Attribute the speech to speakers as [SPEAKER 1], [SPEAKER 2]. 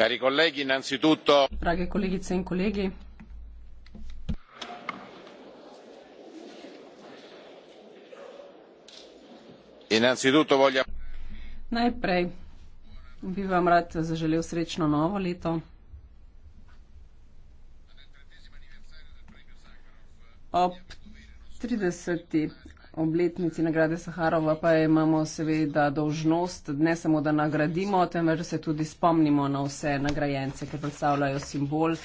[SPEAKER 1] cari colleghi innanzitutto innanzitutto voglio
[SPEAKER 2] najprej bi vam rad zaželel srečno novo leto ob trideseti obletnici nagrade Saharova pa imamo seveda dožnost, ne samo da nagradimo, temveč da se tudi spomnimo na vse nagrajence, ker predstavljajo simbol